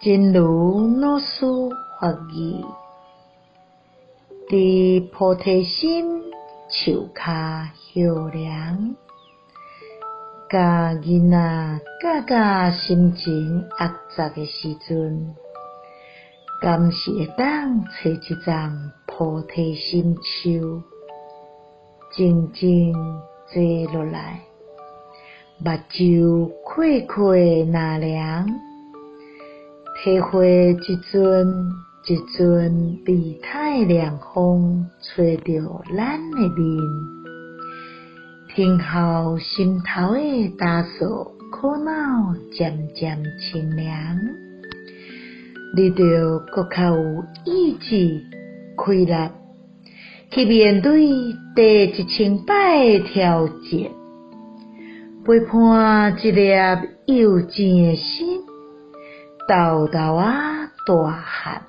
真如老師法語，佇菩提心樹下乘涼，教囡仔教甲心情鬱卒的時陣，敢是會當找一叢菩提心樹，靜靜坐下來，目睭快快納涼。體會一陣，一陣利他清風吹着，咱的臉，聽候心頭的熱惱苦惱漸漸清涼，你就更加有意志、開朗，去面對第一千擺的挑戰，陪伴一顆幼稚的心。道道啊，多寒，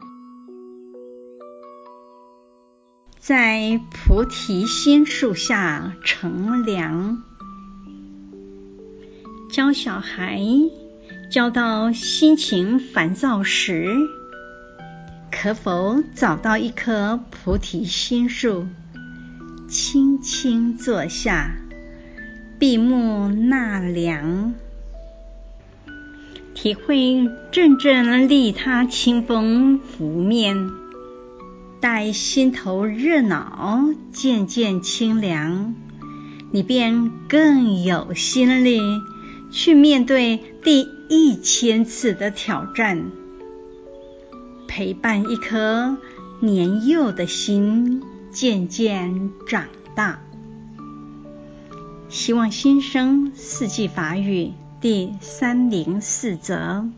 在菩提心樹下乘涼，教小孩教到心情煩躁時，可否找到一棵菩提心樹，輕輕坐下，閉目納涼？體會陣陣利他清風拂面，待心頭熱惱漸漸清涼，你便更有心力去面對第一千次的挑戰，陪伴一顆年幼的心漸漸長大。希望新生四季法語。第三零四則。